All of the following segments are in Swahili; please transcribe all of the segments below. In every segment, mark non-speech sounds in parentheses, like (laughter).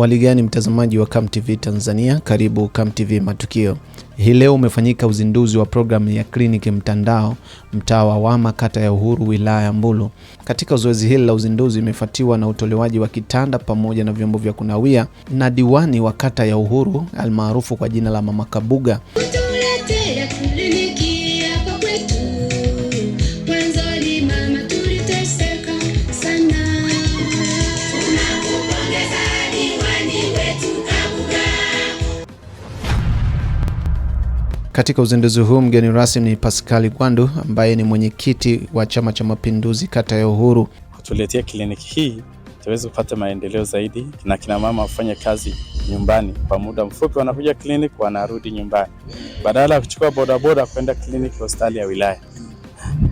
Hali gani mtazamaji wa Kam TV Tanzania, karibu Kam TV Matukio. Hii leo umefanyika uzinduzi wa programu ya kliniki mtandao mtaa wa Wama, kata ya Uhuru, wilaya ya Mbulu. Katika zoezi hili la uzinduzi imefuatiwa na utolewaji wa kitanda pamoja na vyombo vya kunawia na diwani wa kata ya Uhuru almaarufu kwa jina la Mama Kabuga. Katika uzinduzi huu mgeni rasmi ni Paskali Gwandu ambaye ni mwenyekiti wa Chama cha Mapinduzi kata ya Uhuru. Kutuletea kliniki hii tuweze kupata maendeleo zaidi na kina mama wafanye kazi nyumbani kwa muda mfupi, wanakuja kliniki wanarudi nyumbani, badala ya kuchukua bodaboda kwenda kliniki hospitali ya wilaya.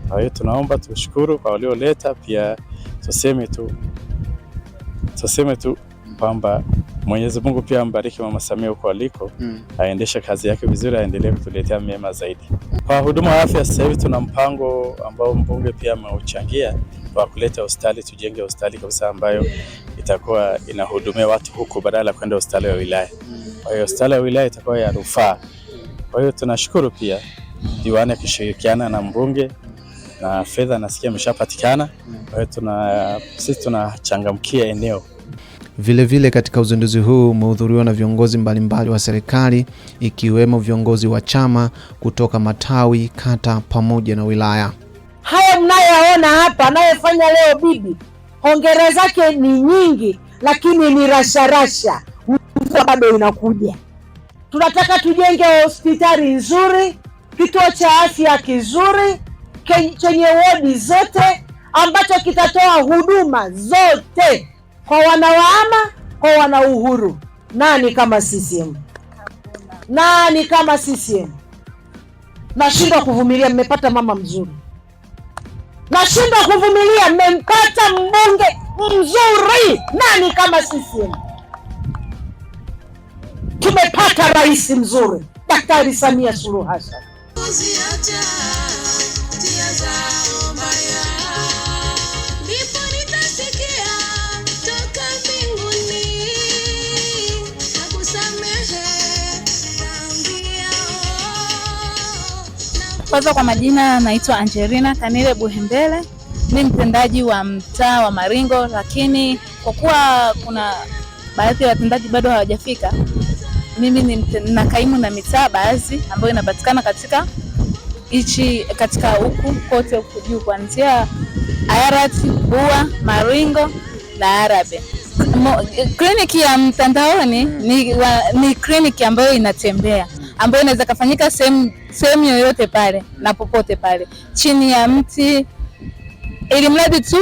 Kwa hiyo tunaomba tushukuru kwa walioleta, pia tuseme tu tuseme tu kwamba Mwenyezi Mungu pia ambariki Mama Samia huko aliko, mm. aendeshe kazi yake vizuri, aendelee kutuletea mema zaidi. Mm. Kwa huduma ya afya, sasa hivi tuna mpango ambao mbunge pia ameuchangia wa kuleta hospitali, tujenge hospitali kabisa ambayo itakuwa inahudumia watu huku badala ya kwenda hospitali ya wilaya. Mm. Kwa hiyo hospitali ya wilaya itakuwa ya rufaa. Kwa hiyo tunashukuru pia diwani akishirikiana na mbunge na fedha nasikia imeshapatikana. Mm. Kwa hiyo tuna sisi tunachangamkia eneo Vilevile vile katika uzinduzi huu umehudhuriwa na viongozi mbalimbali wa serikali ikiwemo viongozi wa chama kutoka matawi, kata pamoja na wilaya. Haya mnayoona hapa anayefanya leo bibi, hongera zake ni nyingi, lakini ni rasharasha, mvua bado inakuja. Tunataka tujenge hospitali nzuri, kituo cha afya kizuri chenye wodi zote ambacho kitatoa huduma zote kwa wanawaama, kwa wana Uhuru. Nani kama CCM? Nani kama CCM? Nashindwa kuvumilia, mmepata mama mzuri. Nashindwa kuvumilia, mmempata mbunge mzuri. Nani kama CCM? Tumepata rais mzuri, Daktari Samia Suluhu Hassan. Kwanza kwa majina naitwa Angelina Kanile Buhembele, ni mtendaji wa mtaa wa Maringo, lakini kwa kuwa kuna baadhi ya watendaji bado hawajafika, mimi ni kaimu na mitaa baadhi ambayo inapatikana katika ichi katika huku kote huku juu kuanzia Ayarat, Bua, Maringo na Arabe. Kliniki ya mtandaoni ni, ni kliniki ambayo inatembea ambayo inaweza kafanyika sehemu sehemu yoyote pale na popote pale, chini ya mti, ili mradi tu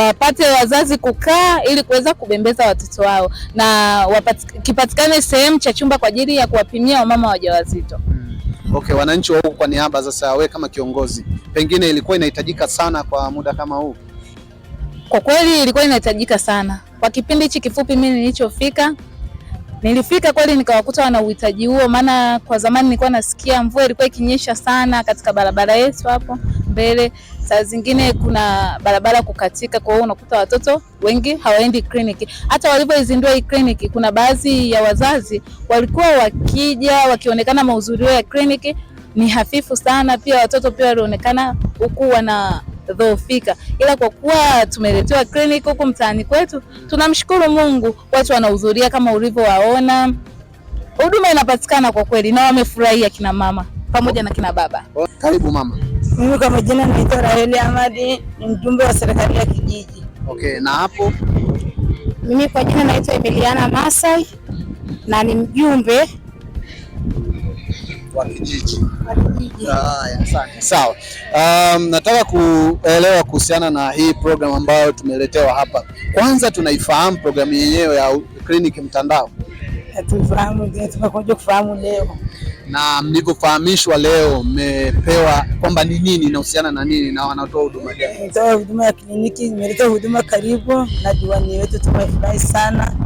wapate wazazi kukaa ili kuweza kubembeza watoto wao, na kipatikane sehemu cha chumba kwa ajili ya kuwapimia wamama wajawazito. Hmm. Okay, wananchi wa huku kwa niaba sasa, wewe kama kiongozi, pengine ilikuwa inahitajika sana kwa muda kama huu? Kwa kweli ilikuwa inahitajika sana kwa kipindi hichi kifupi mimi nilichofika Nilifika kweli nikawakuta wana uhitaji huo, maana kwa zamani nilikuwa nasikia mvua ilikuwa ikinyesha sana katika barabara yetu hapo mbele. Saa zingine kuna barabara kukatika, kwa hiyo unakuta watoto wengi hawaendi kliniki. Hata walivyoizindua hii kliniki, kuna baadhi ya wazazi walikuwa wakija wakionekana mahudhurio ya kliniki ni hafifu sana. Pia watoto pia walionekana huku wana zilizodhoofika, ila kwa kuwa tumeletewa kliniki huku mtaani kwetu, tunamshukuru Mungu, watu wanahudhuria kama ulivyowaona, huduma inapatikana kwa kweli, na wamefurahia kina mama pamoja na kina baba. Karibu mama. Mimi kwa majina naitwa Raheli amadi ni mjumbe wa serikali ya kijiji. Okay, na hapo mimi kwa jina naitwa Emiliana Masai na ni mjumbe wa kijiji. Haya, ah, asante. Sawa. Um, nataka kuelewa kuhusiana na hii program ambayo tumeletewa hapa. Kwanza tunaifahamu programu yenyewe ya kliniki mtandao? Eh, tumekuja kufahamu leo. Na mlivyofahamishwa leo, mmepewa kwamba ni nini, inahusiana na nini na wanatoa huduma gani? Huduma ya kliniki imeleta huduma karibu na diwani wetu, tumefurahi sana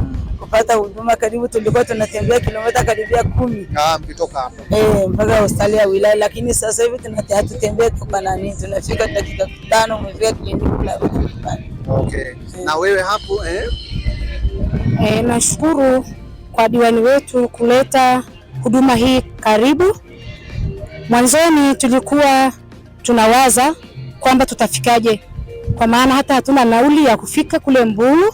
kupata huduma karibu, tulikuwa tunatembea kilomita karibia kumi eh, mpaka hospitali ya wilaya, lakini sasa hivi hatutembee toka nani, tunafika dakika tano umefika kliniki la Okay. E. Na wewe hapo eh? Eh, nashukuru kwa diwani wetu kuleta huduma hii karibu. Mwanzoni tulikuwa tunawaza kwamba tutafikaje, kwa maana hata hatuna nauli ya kufika kule Mbulu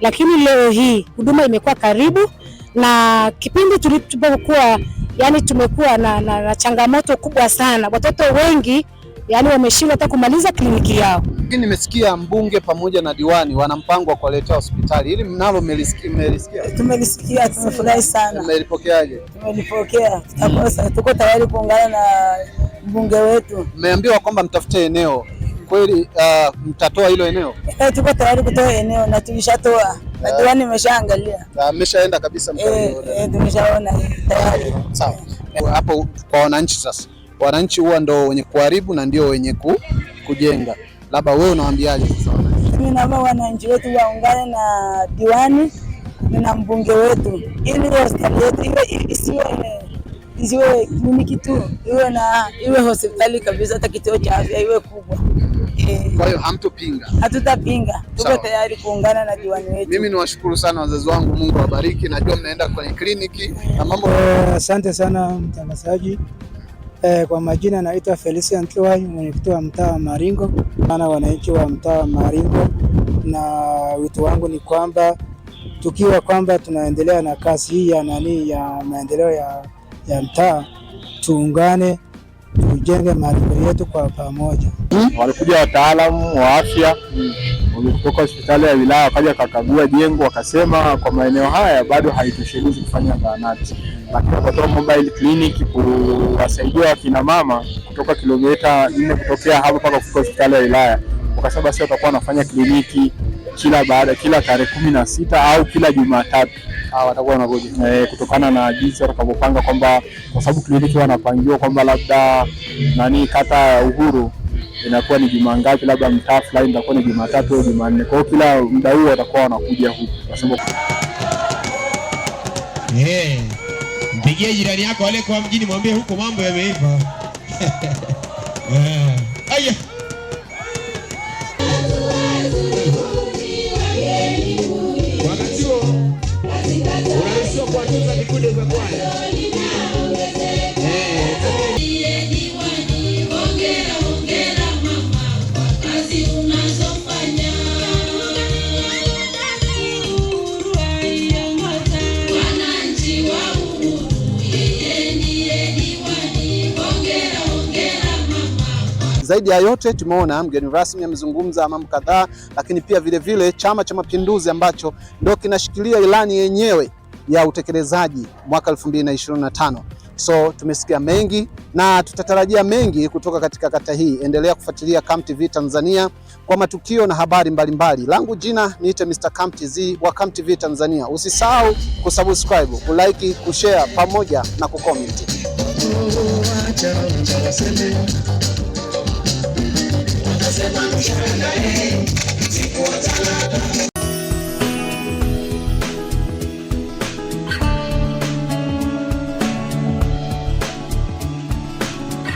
lakini leo hii huduma imekuwa karibu, na kipindi tulipokuwa yani tumekuwa na, na, na changamoto kubwa sana, watoto wengi yani wameshindwa hata kumaliza kliniki yao. Nimesikia mbunge pamoja na diwani wana mpango wa kuwaletea hospitali, ili mnalo mmelisikia? Tumelisikia, tumefurahi sana. Mmelipokeaje? Tumelipokea, tuko tayari kuungana na mbunge wetu. Mmeambiwa kwamba mtafute eneo kweli, uh, mtatoa hilo eneo? Eh, tuko tayari kutoa eneo na tulishatoa. Madiwani eh. nimeshaangalia. Na ameshaenda kabisa mtaani. Eh, eh, tumeshaona tayari. Sawa. Eh, hapo kwa wananchi sasa. Wananchi huwa ndio wenye kuharibu na ndio wenye ku, kujenga. Labda wewe unawaambiaje sasa wananchi? Mimi naomba wananchi wetu waungane na diwani na mbunge wetu ili hospitali yetu iwe isiwe isiwe kliniki tu, iwe na iwe hospitali kabisa, hata kituo cha afya iwe kubwa. Kwa hiyo hamtopinga? Hatutapinga, tuko tayari kuungana na diwani wetu. Mimi niwashukuru sana wazazi wangu, Mungu awabariki. Najua mnaenda kwenye kliniki na mambo. Eh, asante sana mtangazaji. Eh, kwa majina naitwa Felician Tliwai, mwenyekiti wa mtaa wa Maringo, ana wananchi wa mtaa wa Maringo, na wito wangu ni kwamba tukiwa kwamba tunaendelea na kazi hii ya nani ya maendeleo ya, ya mtaa tuungane tujenge maarifa yetu kwa pamoja. Hmm? Walikuja wataalamu wa afya kutoka hospitali ya wilaya wakaja wakakagua jengo, wakasema kwa maeneo haya bado haitoshelezi kufanya zahanati, lakini wakatoa mobile clinic kuwasaidia wakina mama kutoka kilomita nne kutokea hapo mpaka kufika hospitali ya wilaya. Wakasema basi watakuwa wanafanya kliniki kila baada kila tarehe kumi na sita au kila Jumatatu. Ah, watakuwa wanakuja eh, kutokana na jinsi watakavyopanga kwamba, kwa sababu kliniki wanapangiwa kwamba labda nani kata ya Uhuru inakuwa ni juma ngapi, labda mtaa fulani itakuwa ni Jumatatu au Jumanne. Kwa hiyo kila muda huo watakuwa wanakuja huku eh. Mpigie jirani yako aliyekuwa mjini, mwambie huko mambo yameiva. (laughs) Eh. kwa Zaidi ya yote tumeona mgeni rasmi amezungumza mambo kadhaa, lakini pia vilevile Chama cha Mapinduzi ambacho ndio kinashikilia ilani yenyewe ya utekelezaji mwaka 2025. So tumesikia mengi na tutatarajia mengi kutoka katika kata hii. Endelea kufuatilia Come TV Tanzania kwa matukio na habari mbalimbali mbali. Langu jina niite Mr. Come TZ wa Come TV Tanzania. Usisahau kusubscribe, kulike, kushare pamoja na kucomment.